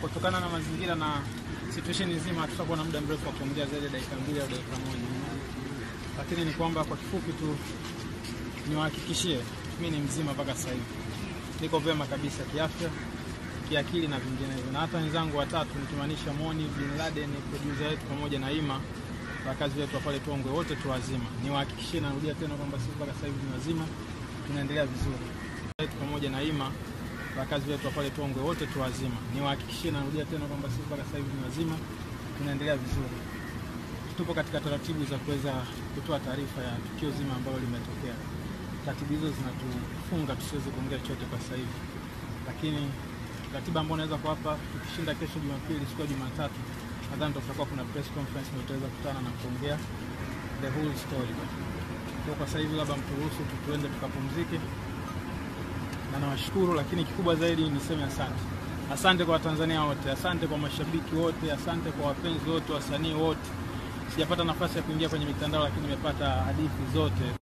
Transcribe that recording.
kutokana na mazingira na situation nzima, hatutakuwa na muda mrefu wa kuongea zaidi ya dakika mbili au dakika moja, lakini ni kwamba kwa kifupi tu niwahakikishie, mimi ni mzima mpaka sasa hivi, niko vyema kabisa kiafya, kiakili na vinginevyo, na hata wenzangu watatu nikimaanisha Moni, Bin Laden, producer wetu pamoja na Ima wakazi wetu pale Tongwe, wote tu wazima. Niwahakikishie, narudia tena kwamba sisi mpaka sasa hivi ni wazima, tunaendelea vizuri pamoja na Ima wakazi wetu wa pale Tongwe wote tu wazima. Niwahakikishie, narudia tena kwamba sisi mpaka sasa hivi ni wazima, tunaendelea vizuri. Tupo katika taratibu za kuweza kutoa taarifa ya tukio zima ambalo limetokea. Taratibu hizo zinatufunga tusiweze kuongea chote kwa sasa hivi, lakini ratiba ambayo naweza kuwapa, tukishinda kesho Jumapili, siku ya Jumatatu, nadhani tutakuwa kuna press conference ambayo tutaweza kutana na kuongea the whole story. Kwa sasa hivi labda mturuhusu tuende tukapumzike na nawashukuru, lakini kikubwa zaidi niseme asante. Asante kwa Watanzania wote, asante kwa mashabiki wote, asante kwa wapenzi wote, wasanii wote. Sijapata nafasi ya kuingia kwenye mitandao, lakini nimepata hadithi zote.